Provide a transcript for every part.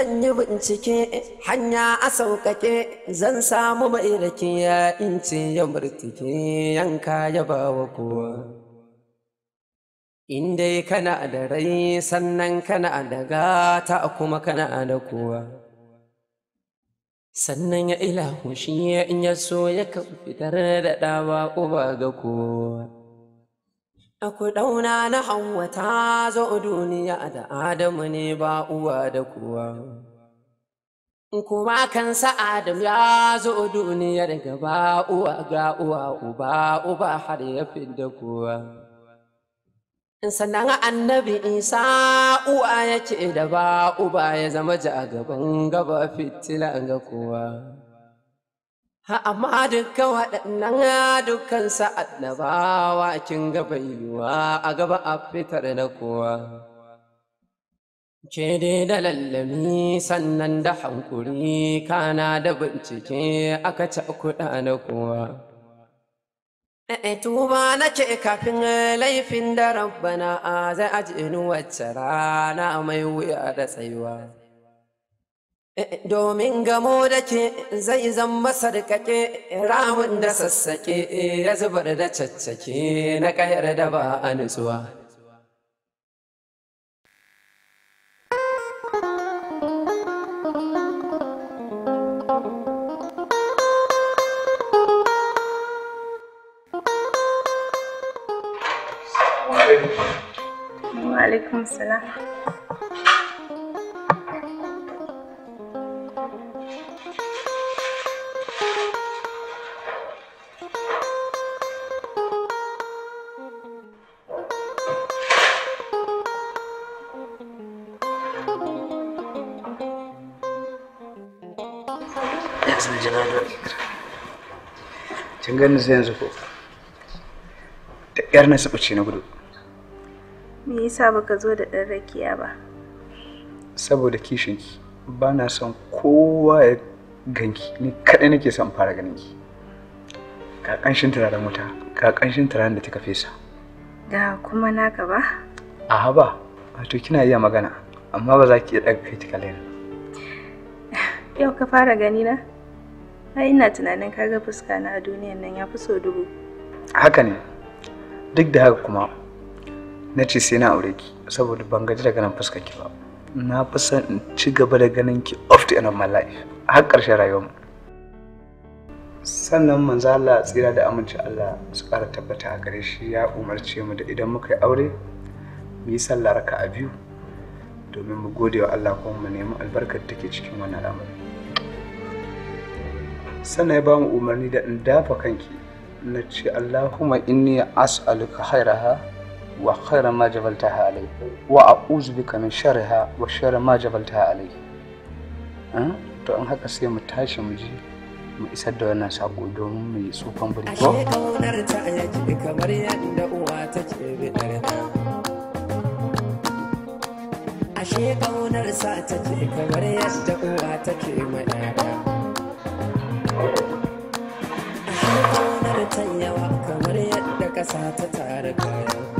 zan yi bincike hanya a sauƙaƙe zan samu mai rake ya inci ya murtike yanka ya ba wa kowa in dai kana da rai sannan kana da gata kuma kana da kowa sannan ya ilahu shi in ya so ya kan fitar da ɗawa uba ga kowa A kuɗauna na Hauwa ta zo duniya da Adamu ne ba uwa da kuwa. Kuma kansa Adam ya zo duniya da gaba uwa ga uwa uba uba har ya da kuwa. Sannan annabi Isa uwa yake da ba uba ya zama ja gaban gaba fitila ga kowa. amma duka waɗannan dukkan Sa'ad dukansa wa kin gaba yiwuwa a gaba a fitar na kowa ke dai da lallami sannan da hankuri kana da bincike aka kuɗa na kowa eh, tuba nake kafin laifin da rabbana zai ajinu wacce rana mai wuya da tsayuwa Eh, eh, domin gamo da ke zai zan masarkake ramun da sassaƙe ya zubar da caccake na ƙayar da ba a nutsuwa. Wa salam. kin gani sai yanzu ko da yar na sabuce na gudu me yasa baka zo da dan rakiya ba saboda kishin ki ba na son kowa ya ganki ni kadai nake son fara ganin ki ka kanshin turaren wuta ka kanshin turaren da kika fesa da kuma naka ba a ba wato kina iya magana amma ba za ki iya ɗaga kai ta yau ka fara gani na ai ina tunanin kaga fuska na a duniyan nan ya fi so dubu haka ne duk da haka kuma na ce sai na aure ki saboda ban gaji da ganin fuskar ki ba na fi son in ci gaba da ganin ki off the end of my life har karshen rayuwar mu sannan manzo Allah tsira da amince Allah su ƙara tabbata a gare shi ya umarce mu da idan muka yi aure mu yi sallah a biyu domin mu gode wa Allah kuma mu nemi albarkar take cikin wannan al'amari sannan ya bamu umarni da in dafa kanki na ce Allahumma inni as'aluka khairaha wa khaira ma jabaltaha alai wa a'udhu bika min sharriha wa sharri ma jabaltaha alai hmm? to in haka sai mu tashi mu ji mu isar da wannan sako domin mu yi tsufan buri ko kamar yadda uwa take bidar ashe kaunar sa ce kamar yadda uwa take ka sa tired of kayan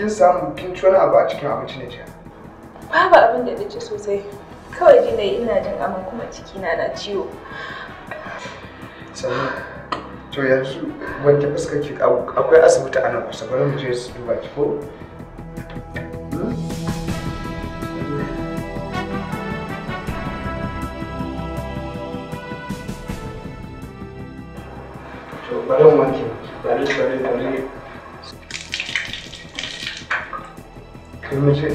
kin samu kin ci wani abu a cikin abinci ne jiya? Babu abin da nace sosai. Kawai ji na ina jin aman kuma ciki na na ciwo. Sannan to yanzu wanke fuskar ki akwai asibiti a nan kusa bari mu je su duba ki ko? To bari मुझे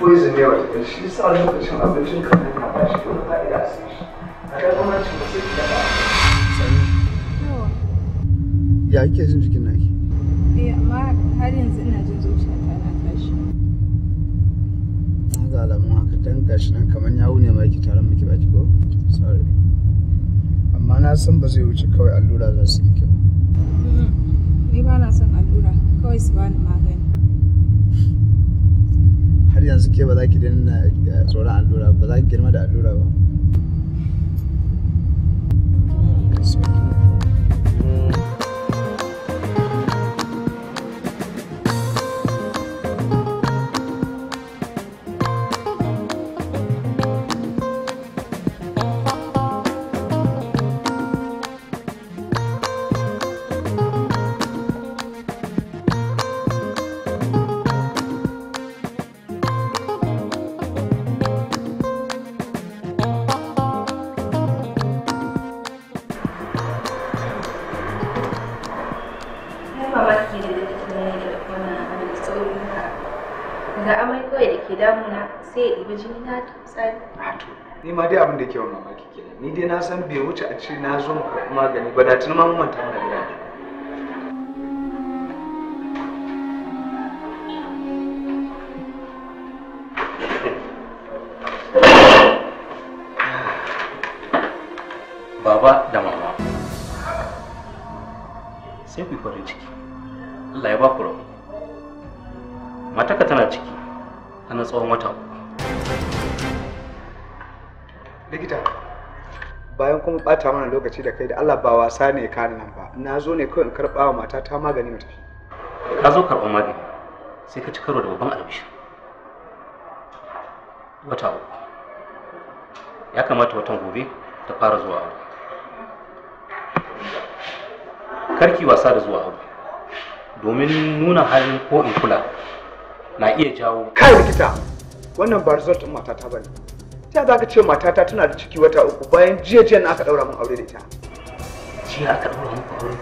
coisa, meu. Eles olham pra chamar meu time café, rapaz, que eu não tá ligado assim. Até o momento que você quiser lá. Ya kike jin jikin naki? Eh, amma har yanzu ina jin ta na tashi. Na ga alamun haka dan gashi nan kamar yawo ne mai ki taron miki baki ko? Sorry. Amma na san ba zai wuce kawai allura za su miki ba. Ni ba na kawai su magani har yanzu ke ba za ki dina eh, tsoron allura ba za ki girma da allura ba ni ma dai abin da yake wa mamaki kenan ni dai na san bai wuce a ce na zo magani ba da tuni ma mun manta mana gida baba da mama sai ku yi farin ciki Allah ya ba ku rabu mataka tana ciki a na tsawon wata uku likita bayan kuma bata mana lokaci da kai da Allah ba wasa ne ka nan ba na zo ne kawai in karɓa wa mata ta magani mu tafi ka zo karɓar magani sai ka ci karo da babban albishi wata uku ya kamata watan gobe ta fara zuwa aure karki wasa da zuwa aure domin nuna halin ko in kula na iya jawo kai likita wannan ba result din matata bane ya za ka ce matata tana da ciki wata uku bayan jiya jiya na aka daura min aure da ita jiya aka daura mun aure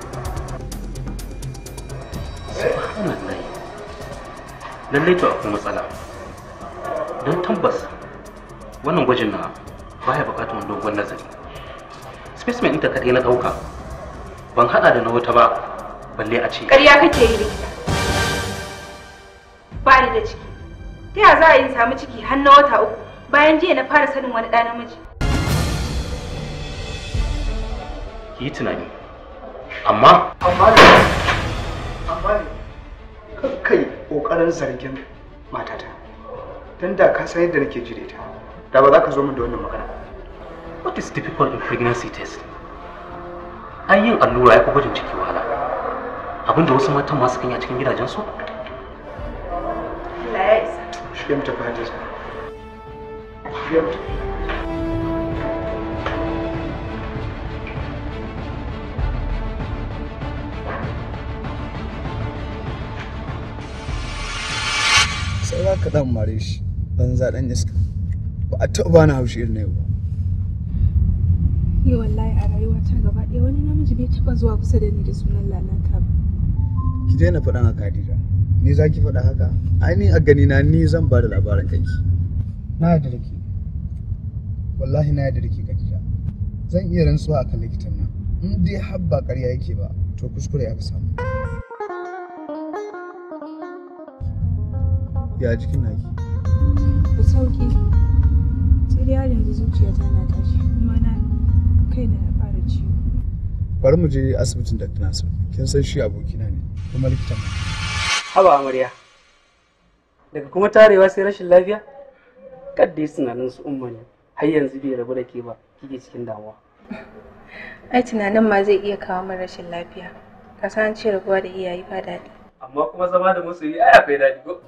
subhanallah lallai to akwai matsala don tabbas wannan gwajin na baya bukatar wani dogon nazari specimen ɗinta kaɗai na ɗauka ban haɗa da na wata ba balle a ce ƙarya kake yi likita ba ni da ciki ta ya za a yi samu ciki har na wata uku bayan jiya na fara sanin wani ɗa namiji ki yi tunani amma amma ne amma ne kakkai ƙoƙarin zargin matata don da ka san yadda nake jire ta da ba za ka zo min da wannan magana what is difficult in pregnancy test an yin allura ya fi gwajin ciki wahala abinda wasu matan masu kanya cikin gidajensu Allah ya isa shi ya mutu fahimtar sai za ka dan mare shi ban za iska ba a taɓa na haushi irin yau ba ni wallahi a rayuwata gaba ɗaya wani namiji bai taɓa zuwa kusa da ni da sunan lalata ba ki daina faɗan haka Khadija ni za ki faɗa haka ai ni a gani na ni zan ba da labaran kanki na yarda da ke wallahi na yadda da ke Khadija zan iya rantsuwa akan likitan nan in dai har ba ƙarya yake ba to kuskure ya fi samu ya jikin naki ku sauki sai dai har yanzu zuciyata na tashi kuma na kai na fara ciwo bari mu je asibitin Dr. so kin san shi abokina ne kuma likitan nan haba amarya daga kuma tarewa sai rashin lafiya kadda sunanin su umma ne har yanzu bai rabu da ke ba kike cikin damuwa ai tunanin ma zai iya kawo min rashin lafiya ka san ce rabuwa da iyaye ba daɗi amma kuma zama da masoyi ai akwai daɗi ko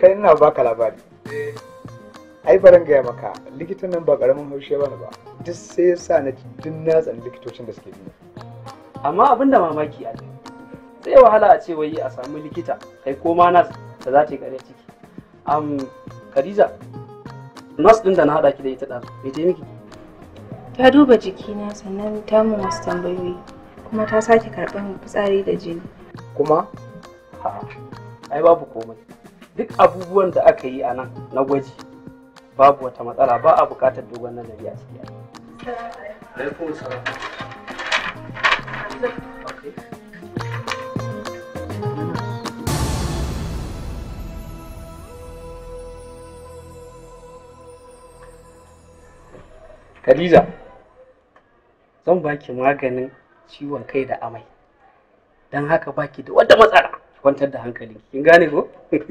kai ina baka labari ai baran gaya maka likitan nan ba karamin haushe bane ba duk sai ya sa na jin na tsani likitocin da suke bi amma abin da mamaki a sai wahala a ce wai a samu likita kai ko ma nas da za ta yi kare ciki Khadija nas din da na haɗa ki da ita da me ta miki ta duba jikina sannan ta mun wasu tambayoyi kuma ta sake karban fitsari da jini kuma ha ai babu komai duk abubuwan da aka yi a nan na gwaji babu wata matsala ba a bukatar dogon nazari a ciki. Alaikum salam. Khadija, zan baki maganin ciwon kai da amai. Don haka baki da wata matsala, kwantar da hankali. Kin gane ko?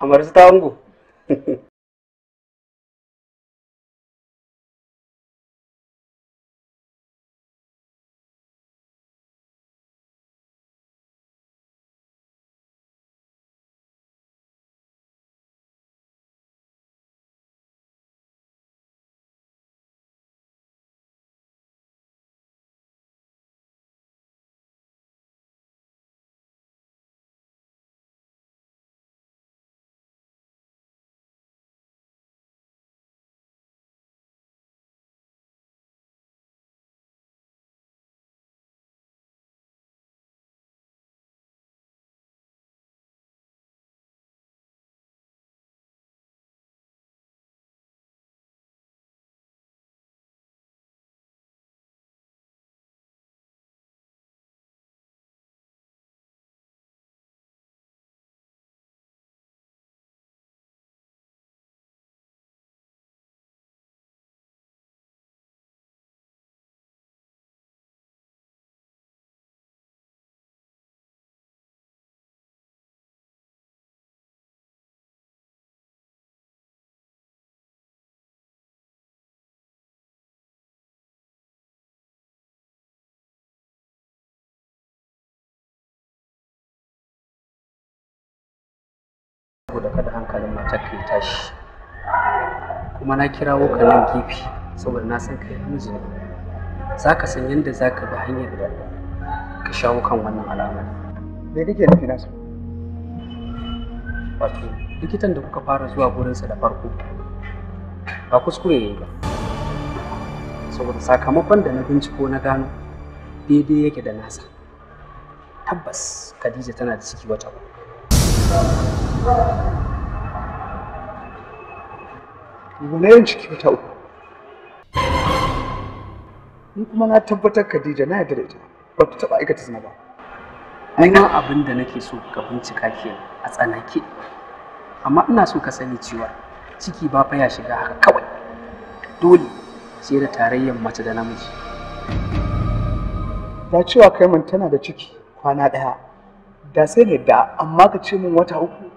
Amar ta hango. saboda kada hankalin matar ka ya tashi kuma na kirawo ka nan gefe saboda na san kai namiji ne za ka san yadda za ka bi hanyar da ka shawo kan wannan alama me kake nufi nasu wato likitan da kuka fara zuwa gurinsa da farko ba kuskure ya yi ba saboda sakamakon da na binciko na gano daidai yake da nasa tabbas khadija tana da ciki wata uku Wani yin cikin ta uku. Ni kuma na tabbatar Khadija na yarda da ita ba ta taɓa aikata zina ba. ina abin da nake so ka bincika ke a tsanake. Amma ina so ka sani cewa ciki ba fa ya shiga haka kawai. Dole sai da tarayyar mace da namiji. Da cewa kai tana da ciki kwana ɗaya. Da sai da amma ka ce min wata uku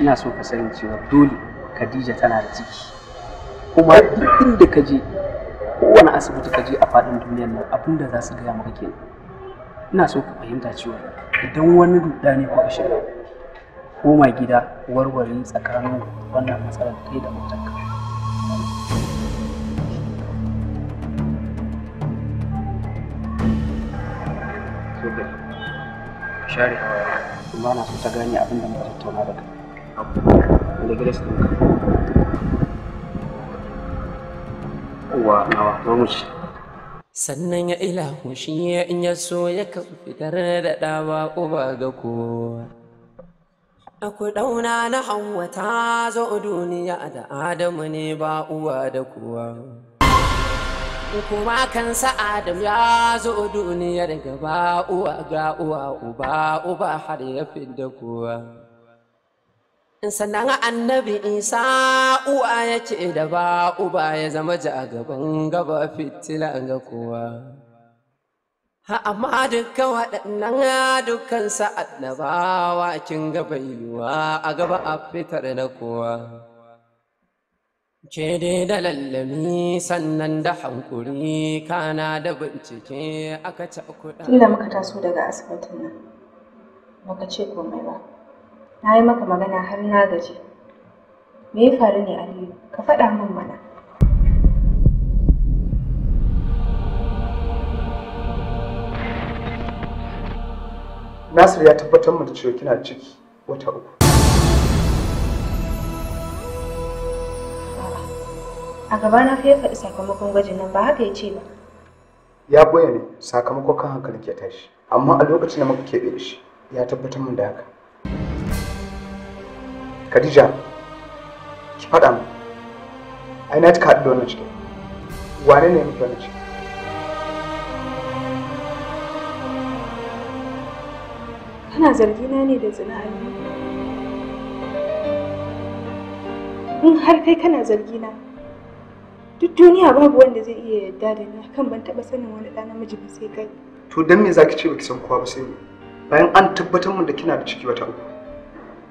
ina so ka sani cewa dole Khadija tana da ciki kuma duk inda ka je kowane asibiti ka je a faɗin duniyar nan abin da za su gaya maka kenan ina so ka fahimta cewa idan wani ruda ne kuka shiga koma gida warware tsakanin wannan matsalar kai da mutanka share kuma na so ta gane abin da muka tattauna da kai abu uwa nawa mamuci sannan ya ila shi ya in ya so ya kan fitar da dawa uba ga kowa ku dauna na Hauwa ta zo duniya da Adamu ne ba uwa da kowa. Kuma kansa Adam ya zo duniya daga ba uwa ga uwa uba uba har ya fi da kowa. sannan annabi isa uwa ya da ba uba ya zama ji a gaban gaba fitila ga kowa amma duka waɗannan dukansa annabawa kin gaba yiwuwa a gaba a fitar na kowa ke dai da lallami sannan da hankuri kana da bincike aka kuɗa. Kila muka taso daga asibitin nan, muka ce komai ba. na yi maka magana har na gaji. Me ya faru ne Aliyu? Ka faɗa min mana. Nasir ya tabbatar mu da cewa kina ciki wata uku. A gaba na fiye faɗi sakamakon gwajin nan ba haka ya ce ba. Ya boye ne sakamakon kan hankali ke tashi, amma a lokacin da muka keɓe shi ya tabbatar mun da haka. Khadija ki faɗa mu ai na cika haɗu wannan cikin wane ne mutum wannan cikin kana zargina ne da zina in har kai kana zargina duk duniya babu wanda zai iya yarda da ni kan ban taɓa sanin wani ɗa namiji ba sai kai to dan me zaki ce baki san kowa ba sai ni bayan an tabbatar mun da kina da ciki wata uku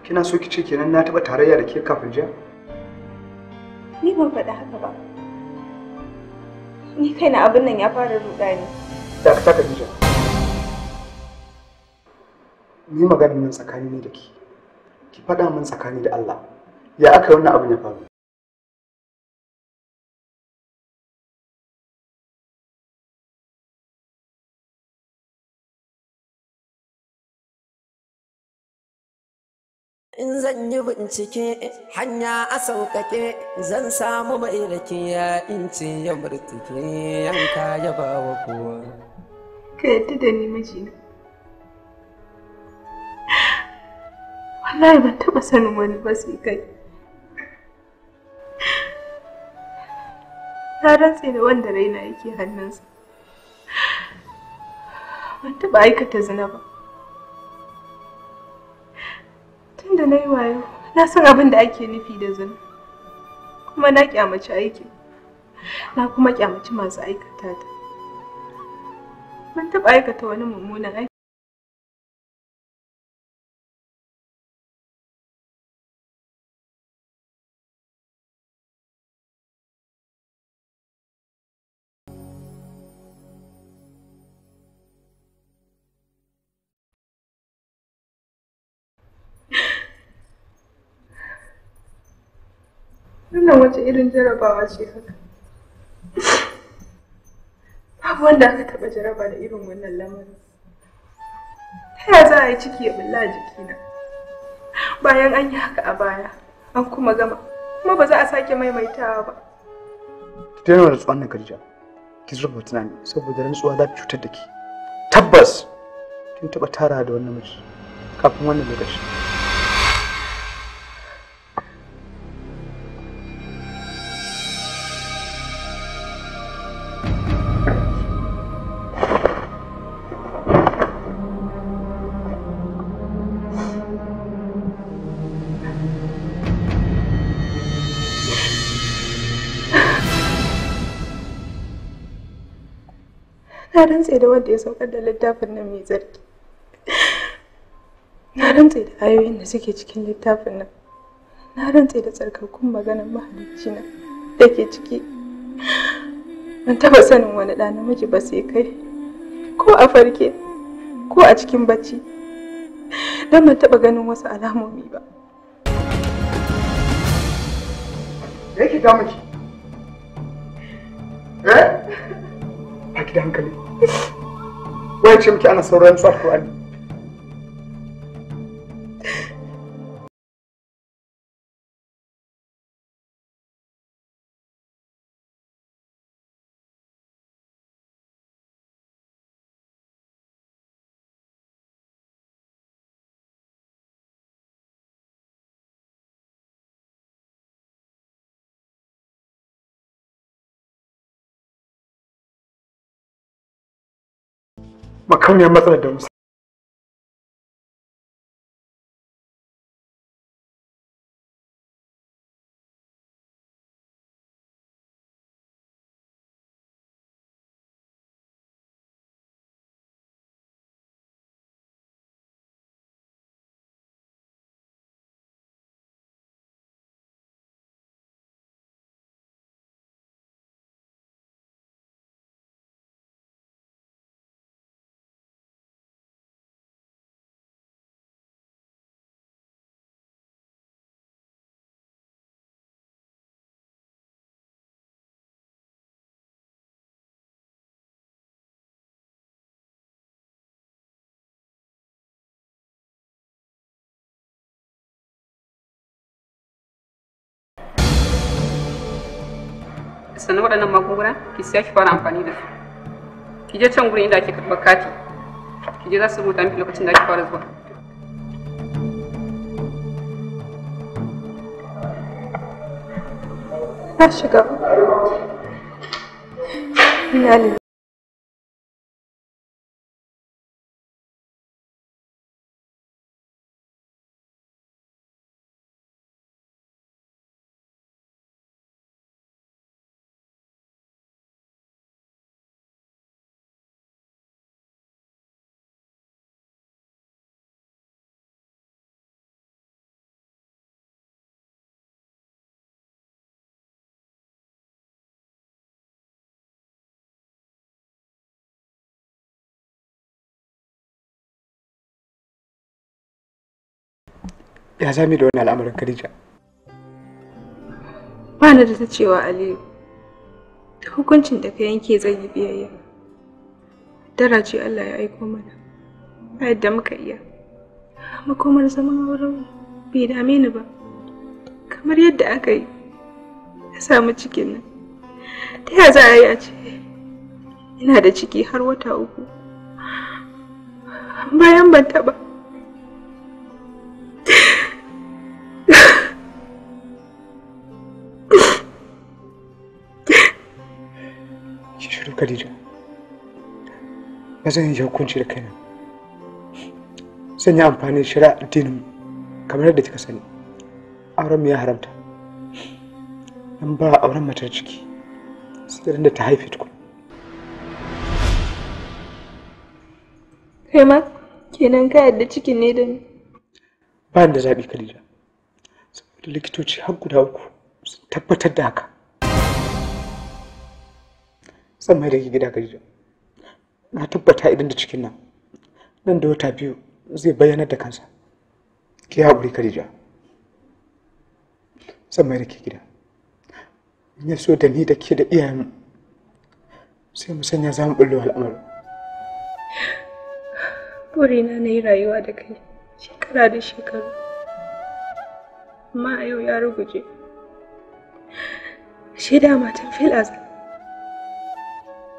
kina so ki ce kenan na taɓa tarayya da ke kafin jiya? Ni ban faɗi haka ba. Ni kaina abin nan ya fara ruɗa ni. Da ka taka jiya. Ni maganin nan tsakani ne da ki. Ki faɗa min tsakani da Allah. Ya aka wannan abin ya faru? in zan yi bincike hanya a sauƙaƙe zan samu mai rake ya inci ya murtuke yanka ya ba wa kowa ka yadda da ni mijina wallahi ban taɓa sanin wani ba sai kai na rantse da wanda raina yake hannunsa ban taɓa aikata zina ba Tunda na yi wayo, na san abin da ake nufi da zina. Kuma na kyamaci aikin. Na kuma kyamaci masu aikata ta. mun taɓa aikata wani mummunan aiki. Wannan wace irin jarabawa ce haka? Babu wanda aka taɓa jaraba da irin wannan lamarin. Ta yaya za a yi ciki ya bulla a jikina? Bayan an yi haka a baya, an kuma gama, kuma ba za a sake maimaitawa ba. Ki daina da tsohon nan Khadija. Ki zuba tunani saboda rantsuwa za ta cutar da ki. Tabbas kin taɓa tara da wannan miji kafin wannan lokaci. rantse da wanda ya saukar da littafin nan mai zarki na rantse da ayoyin da suke cikin littafin nan na rantse da tsarkakun maganar mahalicci na da ke ciki ban taba sanin wani ɗa namiji ba sai kai ko a farke ko a cikin bacci don ban taba ganin wasu alamomi ba yake damunki eh a da hankali wai ce miki ana sauran tsarkuwa ne come here, mother, don't sannan waɗannan magunguna ki siya ki fara amfani da su ki je can gurin inda ake karɓar kati ki je za su rubuta miki lokacin da ake fara zuwa Na shiga. Ina ya sami da wani al'amarin Khadija. Ba na da ta cewa Aliyu, da hukuncin da ka yanke zai yi biyayya. Dara ce Allah ya aiko mana, ba yadda muka iya. Makomar zaman wurin bai dame ni ba, kamar yadda aka yi, ya samu cikin nan. Ta ya za a yi a ce, ina da ciki har wata uku. Bayan ban taɓa. Khadija. Ba zan yi hukunci da kaina. Zan yi amfani da shari'a addinin kamar yadda kika sani. Auren mu ya haramta. An ba auren matar ciki. Sai da ta haife tukun. Kai ma kenan ka yadda cikin ne da ni. Ba da zaɓi Khadija. Saboda likitoci har guda uku sun tabbatar da haka. san mai da ke gida gari na tabbata idan da cikin nan nan da wata biyu zai bayyanar da kansa ki haƙuri karija. san mai da ke gida ya so da ni da ke da iyayen sai mu sanya za mu bullo al'amarin burina na yi rayuwa da kai shekara da shekaru amma a yau ya ruguje shi da matan fil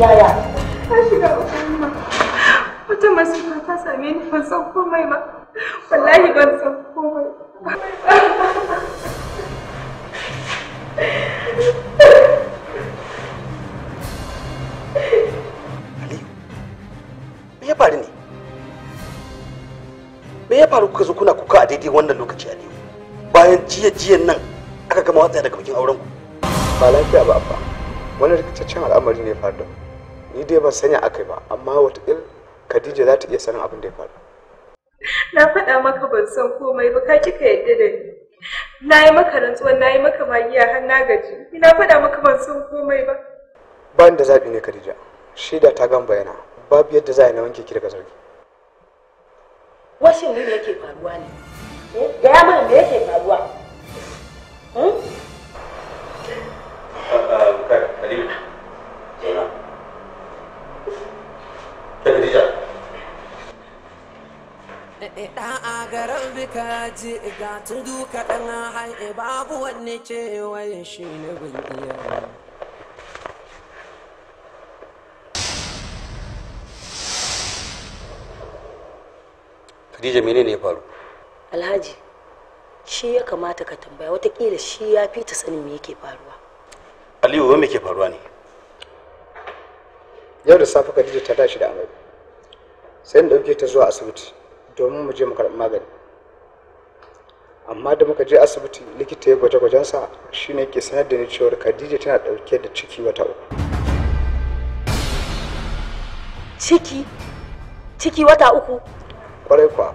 Yaya? Na shiga uku Wata masifa ta same ni ban san komai ba. Wallahi ban san komai. Aliyu, me ya faru ne? ya faru kuka zo kuna kuka a daidai wannan lokaci Aliyu? Bayan jiya-jiyan nan aka gama watsa daga bikin ku. Ba lafiya ba abba, wani rikitaccen al'amari ne ya faru da mu. ni dai ban sanya akai ba amma wataƙil khadija za ta iya sanin abin da ya faru na faɗa maka ban san komai ba ka kika yadda da ni na yi maka rantsuwa na yi maka magiya har na gaji ina faɗa maka ban san komai ba ba da zaɓi ne khadija shaida ta gan bayana babu yadda za a yi na wanke ki daga zargi washin ne yake faruwa ne eh, gaya mana me yake faruwa hmm? da Khadija e, e, da garin bika ji ga tudu kaɗan e, babu cewa shi ne Khadija menene ya faru? Alhaji, shi ya kamata ka tambaya watakila shi ya fi ta sanin me yake faruwa. Aliyu wa me ke faruwa ne? yau da safe khadija ta tashi da amai sai da ɗauke ta zuwa asibiti domin mu je mu karɓi magani amma da muka je asibiti likita ya gwaje-gwajensa shine ke sanar da ni cewar khadija tana ɗauke da ciki wata uku ciki ciki wata uku kwarai kwa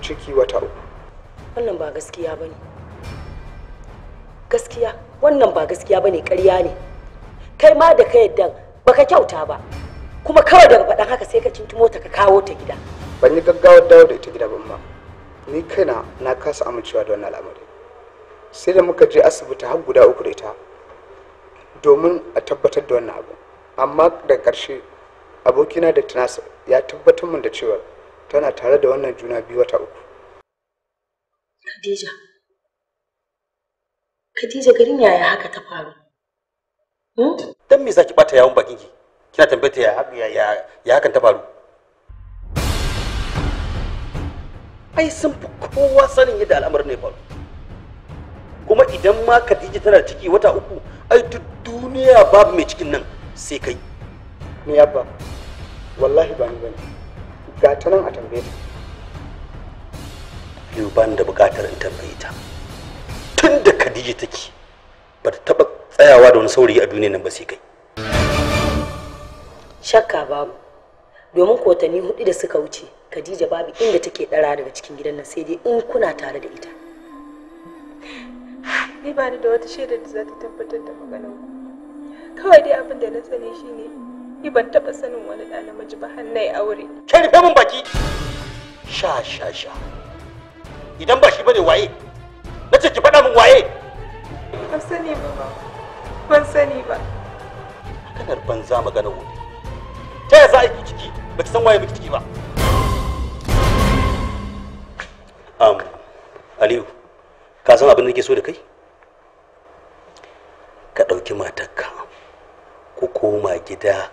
ciki wata uku wannan ba gaskiya bane gaskiya wannan ba gaskiya bane ƙarya ne kai ma da ka yadda baka kyauta ba kuma kawai daga faɗan haka sai ka cintumo ta ka kawo ta gida ban yi gaggawar dawo da ita gida ban ma ni kaina na kasa amincewa da wannan al'amari sai da muka je asibiti har guda uku da ita domin a tabbatar da wannan abu amma da ƙarshe abokina da tunasa ya tabbatar min da cewa tana tare da wannan juna biyu wata uku Khadija Khadija garin yaya haka ta faru Hmm? dan me ki bata yawon bakin ki kina tambayar ya ya ya hakan ta faru ai sun fi kowa sanin yadda al'amarin ne faru kuma idan ma Khadija tana ciki wata uku ai duk duniya babu mai cikin nan sai kai ni abba wallahi ba ni bane ga ta nan a tambaye ta yau ban da bukatar in tambaye ta tun da Khadija take ba ta taɓa tsayawa da wani saurayi a duniyar nan ba sai kai shakka babu domin kotanni hudu da suka wuce khadija babu inda take ɗara daga cikin gidan nan sai dai in kuna tare da ita ni ba ni da wata shaidar da za ta tabbatar da maganar kawai dai abin da na sani shine ni ban taɓa sanin wani ɗa namiji ba har na yi aure kai rufe min baki sha sha sha idan ba shi bane waye na ce ki faɗa min waye Ban sani ba ba. Ban sani ba. hakanar banza maganar wuri. Ta yaya za a yi ciki? Ba ki san waye miki ciki ba. Um, Aliyu, ka san abin da nake so da kai? Ka ɗauki matarka ku koma gida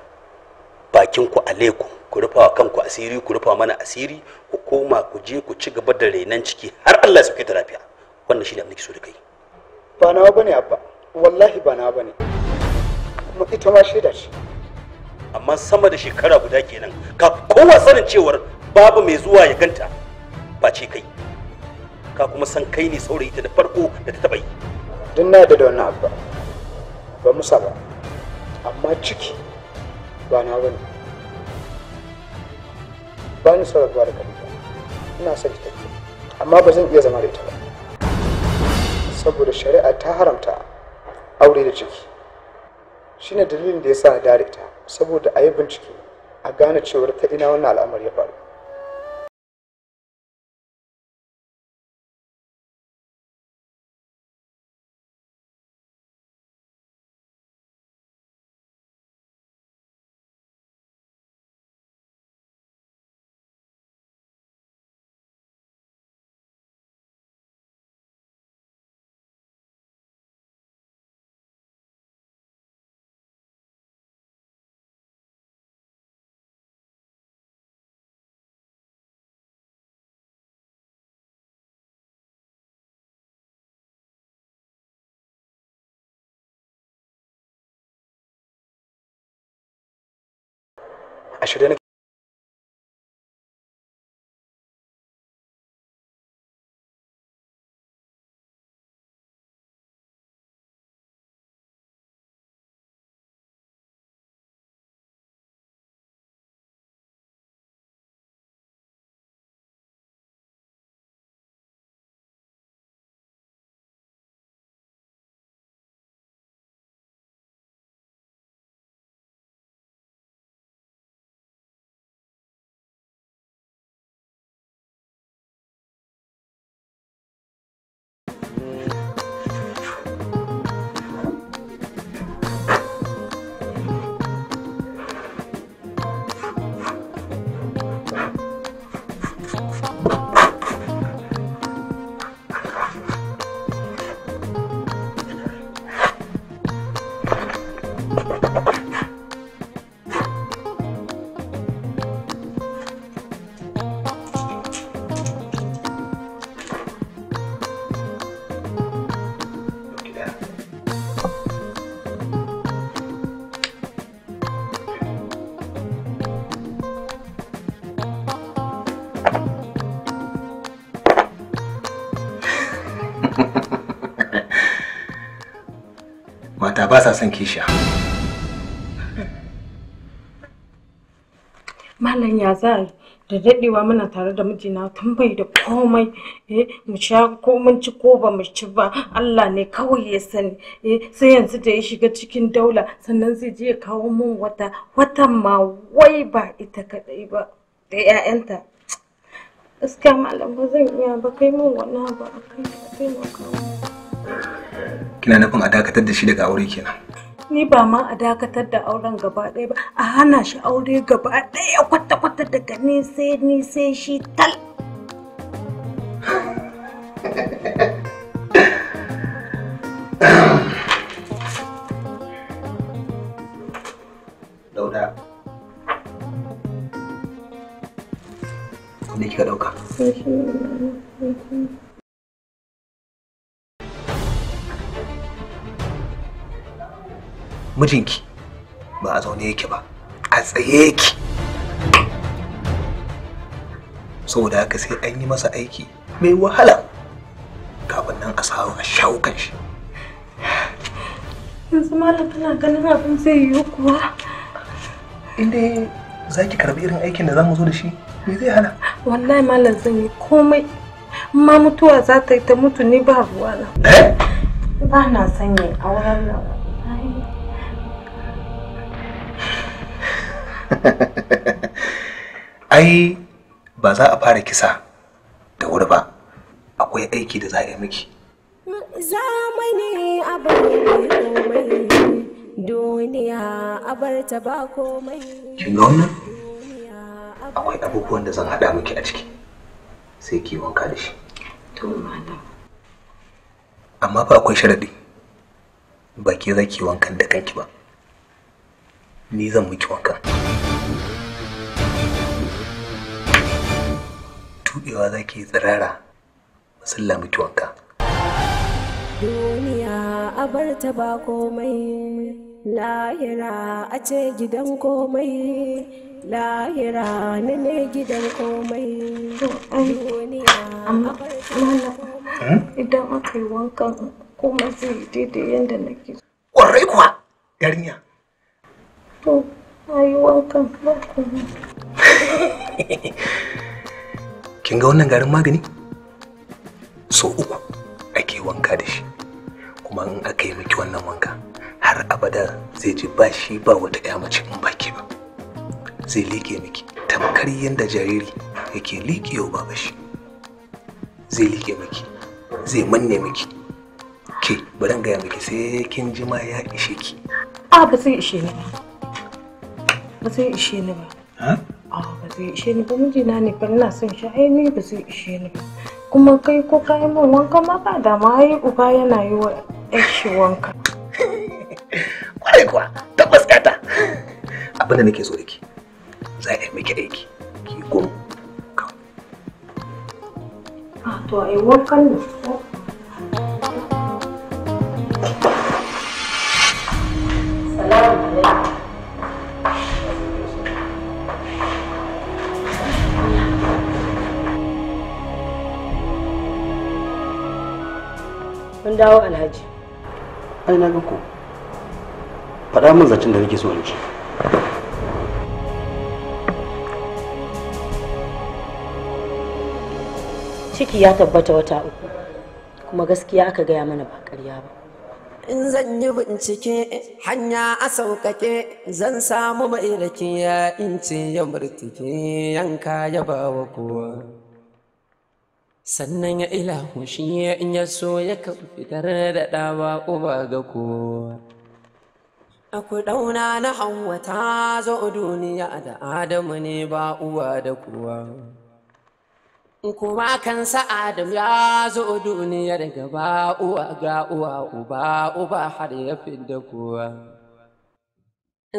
bakin ku aleku ku rufa wa kanku asiri ku rufa mana asiri ku koma ku je ku ci gaba da renan ciki har Allah ya sauke ta lafiya wannan ne abin da nake so da kai ba nawa bane abba wallahi ba nawa bane kuma ita ma shaida ce amma sama da shekara guda kenan ka kowa sanin cewar babu mai zuwa ya ganta ba ce kai ka kuma san kai ne saurayi ta da farko da ta taba yi duk na da wannan abba ba musa ba amma ciki ba nawa bane ba ni sauraruwa da kanta ina son ta amma ba zan iya zama da ita ba saboda shari'a ta haramta aure da ciki shine dalilin da ya sa na dare ta saboda a yi bincike a gane cewar ta ina wannan al'amari ya faru I shouldn't ba sa son kishiya malam ya za da daɗewa muna tare da mijina tun bai da komai eh, mu sha ko mun ci ko ba mu ci ba Allah ne kawai ya sani eh, sai yanzu da ya shiga cikin daula sannan zai je ya kawo mun wata watan ma wai ba ita kadai ba da ƴaƴanta gaskiya malam ba zan iya ba kai min wani ba kai kai kina nufin a dakatar da shi daga aure kenan ni ba ma a dakatar da auren gaba ɗaya ba a hana shi aure gaba ɗaya kwata-kwata daga ni sai ni sai shi tal Dauda. kika ɗauka? mijinki ba a zaune yake ba a tsaye yake saboda haka sai an yi masa aiki mai wahala kafin nan a samu a shawo kan shi yanzu malam tana ganin abin zai yiwu kuwa inda za ki karbi irin aikin da za mu zo da shi me zai hana wallahi malam zan yi komai ma mutuwa za ta yi ta mutu ni ba ruwa na eh? ba na sanya wurin nan ai ba za a fara kisa da wuri ba akwai aiki da za a yi miki zamani duniya abar ta ba komai kin ga wannan akwai abubuwan da zan haɗa miki a ciki sai ki wanka da shi to amma fa akwai sharadi ba ke za ki wankan da kanki ba ni zan miki wankan shuɗewa za ki tsirara musulla miki wanka duniya a bar ta ba komai lahira a ce gidan komai lahira na ne gidan komai duniya a hmm? idan aka yi wankan kuma zai daidai yadda na nake ƙwarai kuwa yarinya to a yi wankan ba komai kin ga wannan garin magani so uku ake wanka da shi kuma in aka yi miki wannan wanka har abada zai ji ba shi ba wata ƴa mace in baki ba zai liƙe miki tamkar yadda jariri yake liƙewa baba shi zai liƙe miki zai manne miki ke bari gaya miki sai kin ji ma ya ishe ki a ba zai ishe ni ba ba zai ishe ni ba a ah, ba zai ishe ni ba mijina ne ba ina son shi ai ni ba zai ishe ni ba kuma kai ko ka yi min wanka ma ba da ma ai uba yana yi wa shi wanka kwarai kuwa tabbas kata abin da nake so da ke za a yi miki aiki ki gum ka ah, a to ai wankan ne Salamu alaikum. sun dawo alhaji ai na ga ku faɗa min zancen da nake so in ci ciki ya tabbata wata uku kuma gaskiya aka gaya mana ba ƙarya ba in zan yi bincike hanya a sauƙaƙe zan samu mai rakiya ya ce ya murtuke yanka ya bawa kowa sannan ya ilahu shi in ya so ya kan fitar da ɗawa uba ga kowa ku ɗauna na Hauwa ta zo duniya da adamu ne ba uwa da kowa kuma kansa adam ya zo daga ba uwa ga uwa uba uba har ya fi da kowa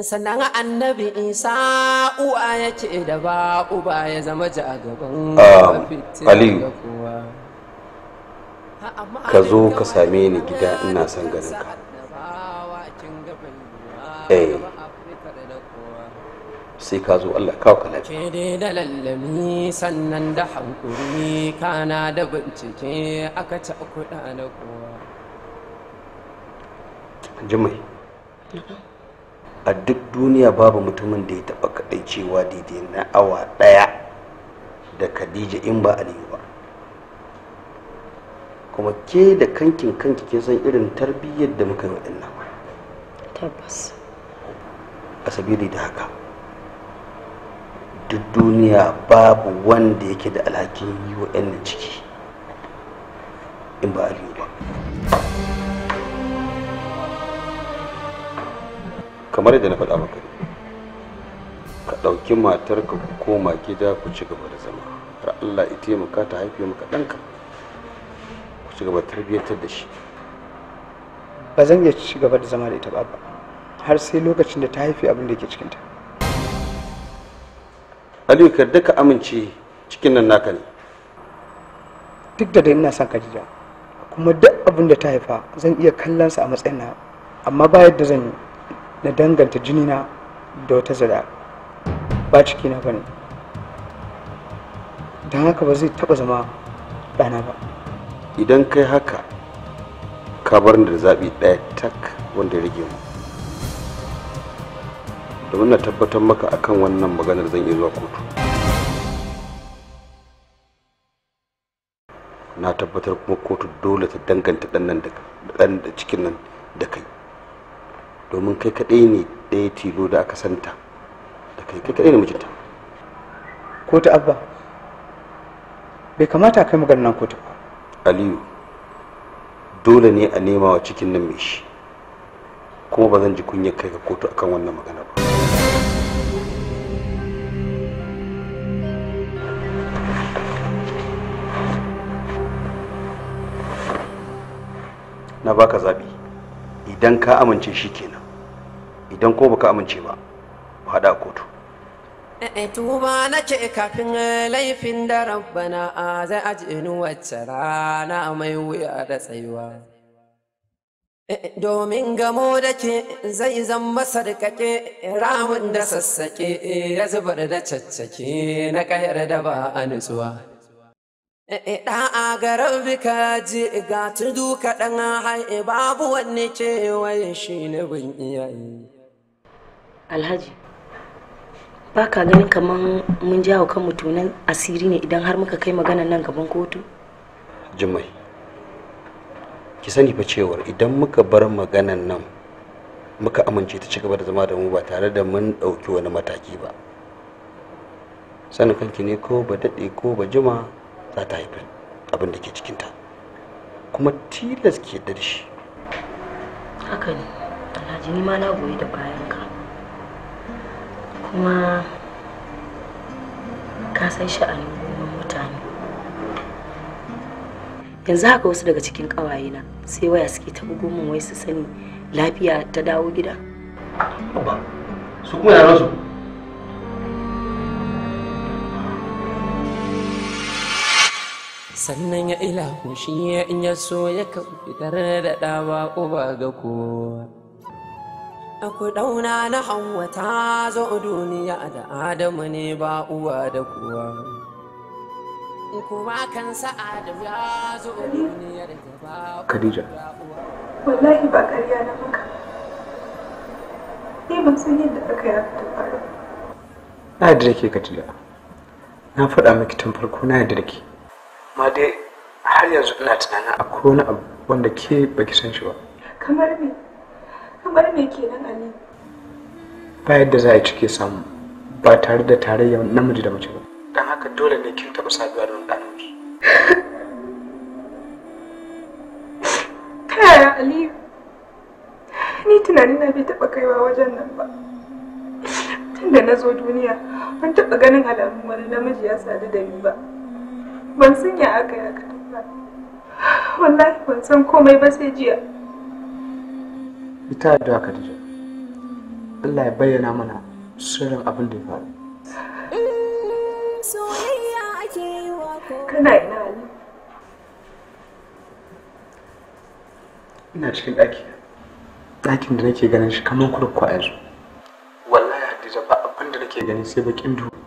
sannan annabi isa uwa ya ce da ba uba ya zama ji a gaban ka zo ka same ni gida ina son ganin ka eh. sai ka zo Allah kawo ka lafiya. Ce da lallami sannan da hankuri kana da bincike aka ci kuɗa na kowa. Jimai. a duk duniya babu mutumin da ya taɓa kaɗaicewa cewa daidai na awa ɗaya da khadija in ba aliyu ba kuma ke da kankin kanki ke san irin tarbiyyar da muka yi wa tabbas a sabili da haka duk duniya babu wanda yake da alhakin yi wa ciki in ba aliyu ba kamar yadda na faɗa maka ka ɗauki matar ka koma gida ku ci gaba da zama har Allah ya taimaka ta haife maka ɗanka ku ci gaba tarbiyyatar da shi ba zan iya ci gaba da zama da ita ba har sai lokacin da ta haife abin da yake cikinta Aliyu kar ka amince cikin nan naka ne duk da da ina son Khadija kuma duk abin da ta haifa zan iya kallon sa a matsayin na amma ba yadda zan yi na danganta jinina da wata zada ba ciki na bane don haka ba zai taba zama dana ba idan kai haka ka bar da zaɓi ɗaya tak wanda ya rage mu domin na tabbatar maka akan wannan maganar zan iya zuwa kotu na tabbatar kuma kotu dole ta danganta ɗan nan da cikin nan da kai domin kai kaɗai ne ɗaya tilo da aka santa da kai kai kaɗai ne mijinta ko ta abba bai kamata kai maganar nan ko ta ba aliyu dole ne a nema wa cikin nan mai shi kuma ba zan ji kunyar kai ga kotu akan wannan magana ba na baka zaɓi idan ka amince shi kenan idan ko baka amince ba mu hada kotu eh, eh, tuba na ce kafin eh, laifin da rabbana zai ajinu wacce rana mai wuya da tsayuwa domin gamo da ke zai zan masa da kake ramin da sassaƙe ya zubar da caccake na kayar da ba a nutsuwa Ɗa'a a rabi bika ji ga tudu kaɗan ha babu wanne cewa shi ne bin iyaye. alhaji ba ka ganin kamar mun jawo kan mutunan asiri ne idan har muka kai magana nan gaban kotu jimai ki sani fa cewar idan muka bar maganan nan muka amince ta cigaba da zama da mu ba tare da mun ɗauki wani mataki ba sanin kanki ne ko ba daɗe ko ba jima za ta haifi abin da ke cikinta kuma tilas ke da shi haka ne alhaji ni ma na goyi da bayanka kuma ka san sha'anin goman mutane yanzu haka wasu daga cikin na sai waya suke ta bugo wai su sani lafiya ta dawo gida su kuma yaran su sannan ya ilahu shi in ya so ya fitar da dawa uba ga kowa Ku ɗauna na Hauwa ta zo duniya da Adamu ne ba uwa da kuwa. Kuma kansa Adamu ya zo duniya da ba Khadija. Wallahi ba ƙarya na maka. Ni ban san yadda aka yi ta faru. Na yadda da ke Khadija. Na faɗa miki tun farko na yadda da ke. Ma dai har yanzu ina tunanin akwai wani abu wanda ke baki san shi ba. Kamar me? kamar me kenan ali ba yadda za a cike samu ba tare da tarayyar namiji da mace ba don haka dole ne kin taɓa saduwa da wani namiji ta yaya aliyu ni tunani na bai taɓa kaiwa wajen nan ba tun da na zo duniya ban taɓa ganin alamun wani namiji ya sadu da ni ba ban san ya aka ya ka wallahi ban san komai ba sai jiya ita addu'a Khadija Allah ya bayyana mana sirrin abin da ya faru soyayya ake yi wa kana ina ina cikin daki ɗakin da nake ganin shi kamar kurkwa yanzu wallahi Khadija ba abin da nake gani sai bakin duhu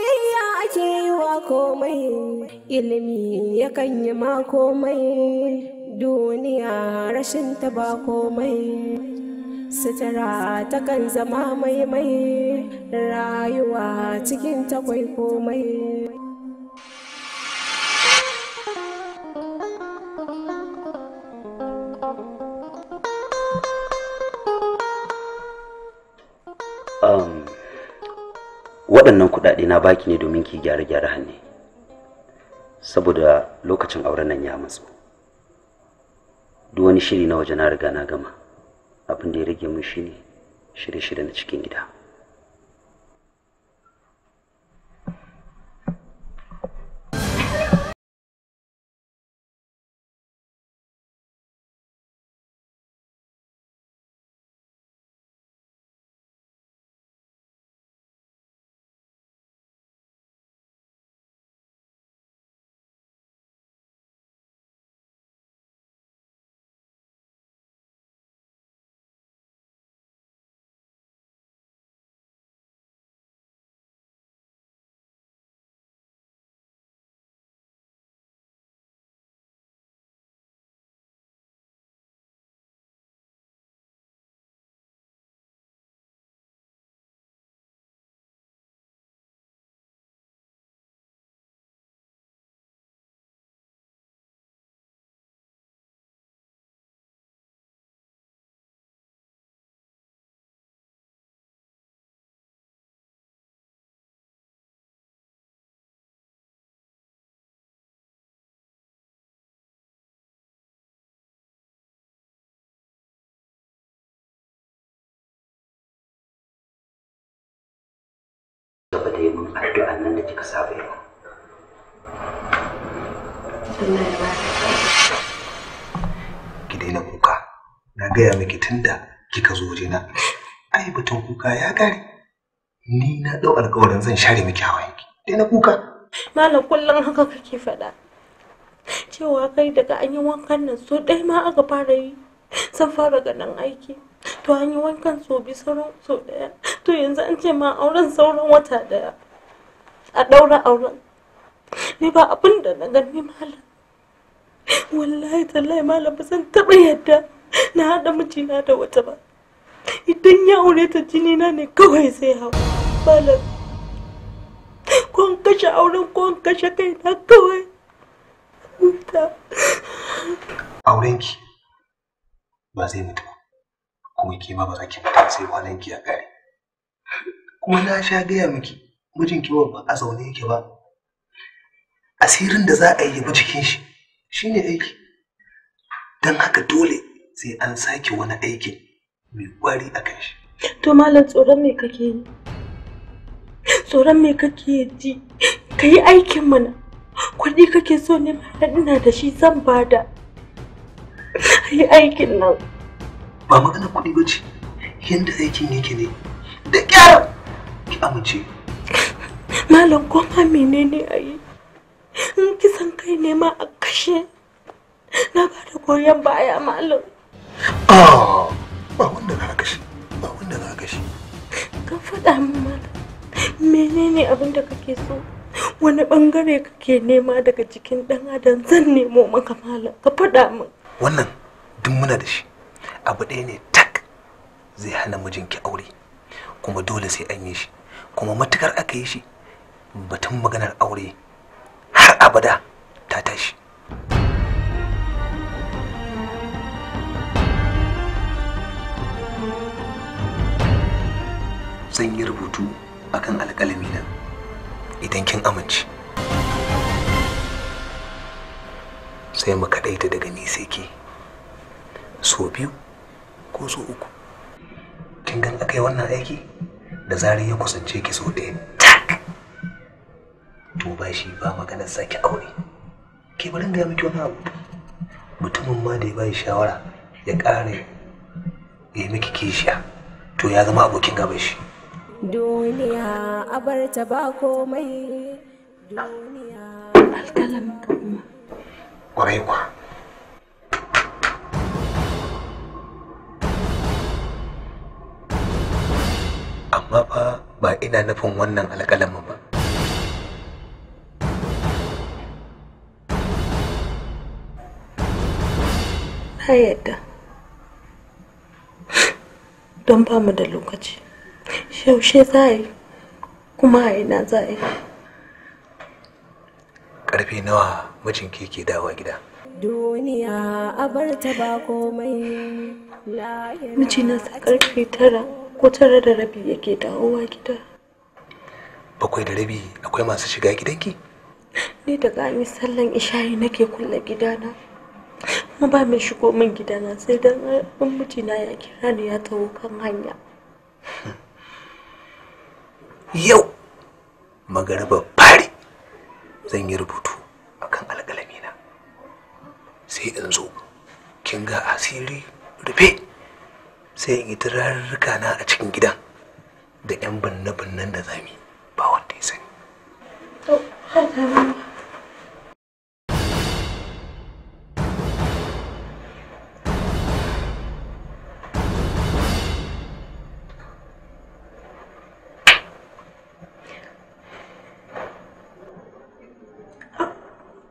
soyayya ake yi wa komai ilimi yakan yi ma komai duniya rashin ta ba komai sutura takan zama maimai rayuwa cikin takwai komai waɗannan kuɗaɗe na baki ne domin ki gyara-gyara hannu saboda lokacin auren nan ya matsu duk wani shiri na waje na riga na gama abin da ya rage mun shine shirye-shirye na cikin gida addu'an nan da kika saba yau. Ki daina kuka, na gaya miki tunda kika zo wajena. Ai batun kuka ya gari. Ni na ɗau alƙawarin zan share miki hawayenki. Daina kuka. Malam kullum haka kake faɗa. Cewa kai daga an yi wankan nan so ɗaya ma aka fara yi. Zan fara ganin aiki. To an yi wankan so bi sauran so ɗaya. To yanzu an ce ma auren sauran wata ɗaya. a ɗaura auren ni ba abin da na gani malam wallahi tallahi malam ba zan taɓa yadda na haɗa mijina da wata ba idan ya aure ta jini na ne kawai sai hau malam ko in kashe auren ko in kashe kaina kawai huta aurenki ba zai mutu ba kuma ke ma ba za ki mutu sai kwananki ya kare kuma na sha gaya miki mijin ki ba a zaune yake ba asirin da za a yi ba cikin shi shine aiki don haka dole sai an sake wani aikin mai kwari a kan shi to malam tsoron me kake yi tsoron me kake ji ka yi aikin mana kuɗi kake so ne ina da shi zan bada yi aikin nan ba magana kuɗi ba ce yadda aikin yake ne da kyau, ki amince malam ko ma menene a yi in kisan kai ne ma a kashe na ba da goyon baya malam ah ba wanda za a kashe ba wanda za a kashe ka faɗa min malam menene abin da kake so wani bangare kake nema daga jikin dan adam zan nemo maka malam ka faɗa min wannan duk muna da shi abu ɗaya ne tak zai hana mijinki aure kuma dole sai an yi shi kuma matukar aka yi shi batun maganar aure har abada ta tashi zan yi rubutu akan alƙalami na idan kin amince sai mu kaɗaita daga ni sai ke so biyu ko so uku kin gan aka yi wannan aiki da zarar ya kusance ki so ɗaya to ba shi ba maganar sake aure ke bari gaya miki wani abu mutumin ma da ya bai shawara ya kare ya yi miki kishiya to ya zama abokin gaban shi duniya abar ta ba komai duniya alƙalam amma fa ba ina nufin wannan alƙalamin ba ka yadda don ba mu da lokaci yaushe za a yi kuma a za a yi ƙarfe nawa mijin ke dawa gida duniya a bar ta ba komai mijina sa ƙarfe tara ko tara da rabi yake dawowa gida bakwai da rabi akwai masu shiga gidanki ni da gami sallan isha'i nake kulle gidana kuma ba mai shigo min gidana sai dan in mijina ya kira ni ya taho kan hanya yau magariba fari zan yi rubutu akan alƙalami na sai in zo kin ga asiri rufe sai in yi turarruka na a cikin gidan da 'yan binne-binnen da zami ba wanda ya sani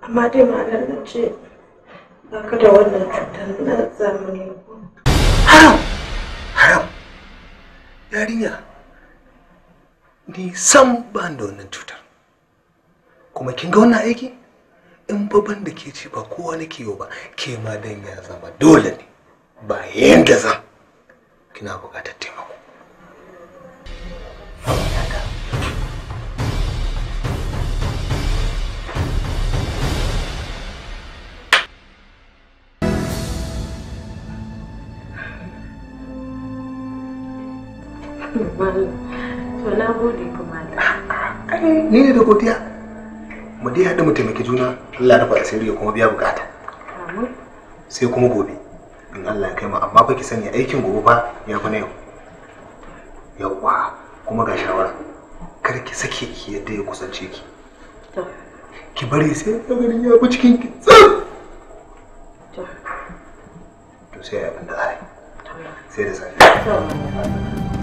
amma dai ma'anar da ce ba ka da wannan cutar na zamani haram haram yarinya ni san ba da wannan cutar kuma kin ga wannan aiki in baban da ke ce ba kowa nake yau ba ke ma dan ya zama dole ne ba yanda zan kina buƙatar taimako ni ne da godiya mu dai haɗu mu taimaki juna Allah ya rufa asiri ya kuma biya bukata sai kuma gobe in Allah ya kai mu amma ba ki sani aikin gobe ba ya fi na yau yawwa kuma ga shawara kar ki sake ki yadda ya kusance ki ki bari sai gani ya bi cikin ki to sai abin da sai da safe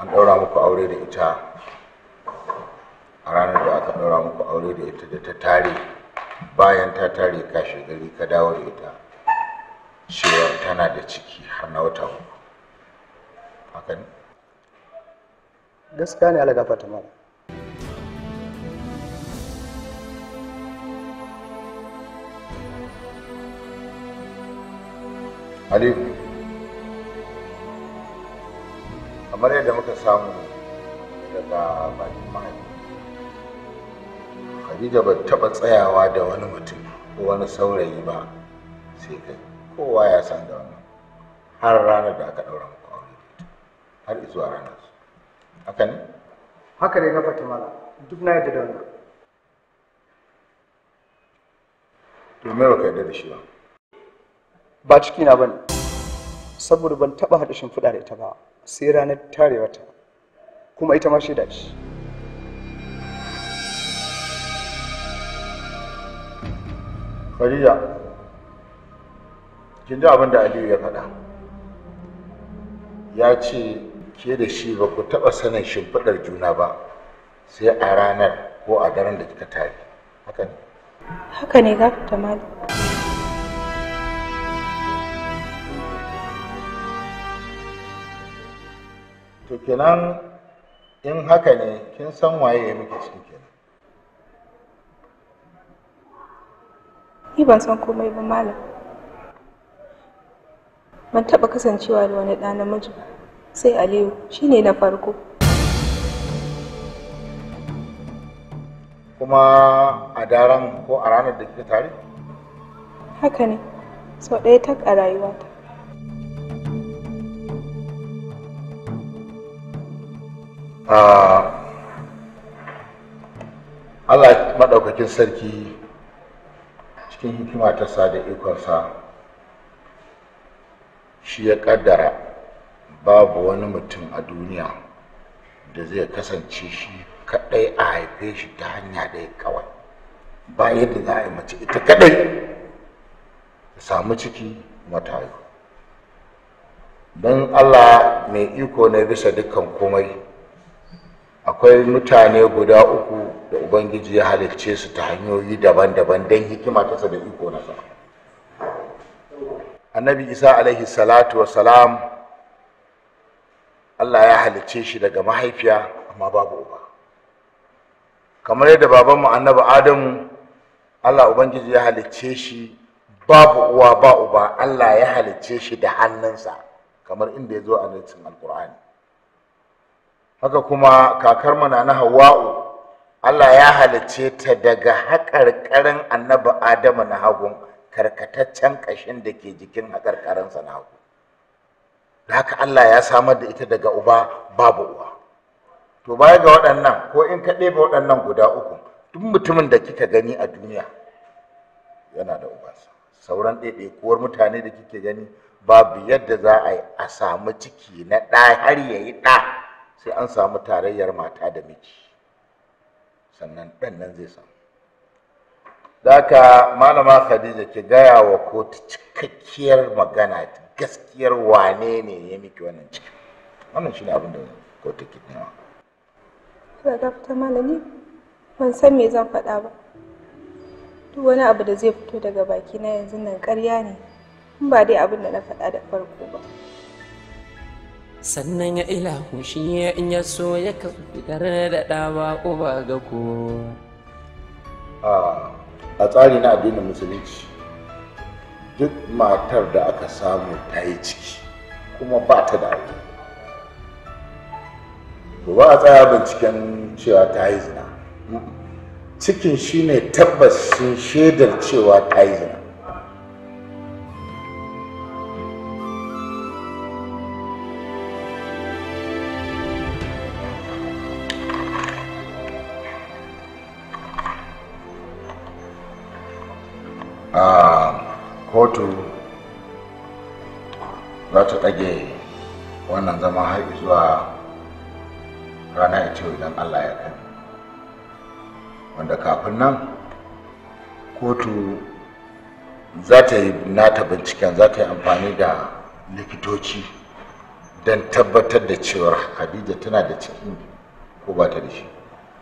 an ɗaura muku aure da ita a ranar da aka ɗaura muku aure da ita da ta tare bayan ta tare ka gari ka dawo da ita cewa tana da ciki har na wata uku haka ne gaskiya ne alaga fata mara Aliyu kamar yadda muka samu daga bakin mahaifi khadija ba taɓa tsayawa da wani mutum ko wani saurayi ba sai kai kowa ya san da wannan har ranar da aka ɗaura muku aure har zuwa ranar su haka ne haka ne na fatima duk na yadda da wannan domin ba ka yadda da shi ba ba ciki na ne. saboda ban taɓa haɗa shimfiɗa da ita ba sai ranar tarewata kuma ita ma shaida ce Khadija kin ji abin da Aliyu ya faɗa ya ce ke da shi ba ku taɓa sanin shimfiɗar juna ba sai a ranar ko a garin da kika tare haka ne haka ne ta malam to kenan in haka ne kin san waye ya miki ciki kenan ni ban san komai ba malam ban taɓa kasancewa da wani ɗa namiji sai aliyu shine na farko kuma a daren ko a ranar da kika tare haka ne sau ɗaya tak a rayuwata Allah maɗaukakin sarki cikin hikima ta sa da ikonsa shi ya ƙaddara babu wani mutum a duniya da zai kasance shi kaɗai a haife shi ta hanya ɗaya kawai ba yadda za a yi mace ita kaɗai ta samu ciki mata don Allah mai iko na bisa dukkan komai akwai mutane guda uku da ubangiji ya halicce su ta hanyoyi daban-daban don hikima ta da iko nasa annabi isa alaihi salatu wa salam allah ya halicce shi daga mahaifiya amma babu uba kamar yadda babanmu annabi adamu allah ubangiji ya halicce shi babu uwa ba uba allah ya halicce shi da hannunsa kamar inda ya zo a cikin alkur'ani haka kuma kakar mu na hawa'u Allah ya halice ta daga haƙarƙarin annabi Adamu na hagu, karkataccen ƙashin da ke jikin haƙarƙarinsa na hagu da haka Allah ya samar da ita daga uba babu uwa to baya ga waɗannan ko in ka ɗebe waɗannan guda uku duk mutumin da kika gani a duniya yana da ubansa sauran kuwar mutane da kike gani babu yadda za a yi a samu ciki na ɗa har yayi yi ɗa sai an samu tarayyar mata da miji sannan ɗan nan zai samu Daka malama Khadija ki gaya wa kotu cikakkiyar magana gaskiyar wane ne ya miki wannan cikin wannan ne abin da kotu ke nema Da dafta fita malami ban san me zan faɗa ba duk wani abu da zai fito daga baki na yanzu nan ƙarya ne in ba dai abin da na faɗa da farko ba sannan ya ila shi ya in ya so ya kan fitar da ɗawa uba ga ku. a tsari na addinin musulunci duk matar da aka samu ta yi ciki kuma ba ta da aure to ba a tsaya binciken cewa ta yi zina cikin shi tabbas sun shaidar cewa ta yi zina kotu za ta ɗage wannan zama har zuwa rana ita idan allah ya kai wanda kafin nan kotu za ta yi nata binciken za ta yi amfani da likitoci don tabbatar da cewar hadija tana da ciki ko ba ta da shi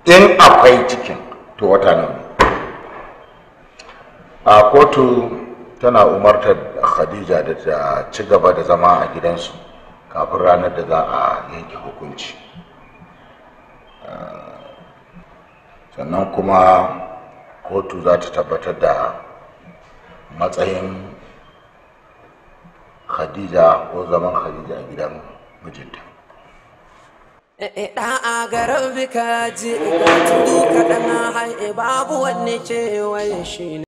in akwai cikin to wata nan a kotu tana umartar khadija da ta ci gaba da zama a gidansu kafin ranar da za a yanke hukunci sannan kuma kotu za ta tabbatar da matsayin khadija ko zaman khadija a gidan mijinta e, e, garin bika ji, wanne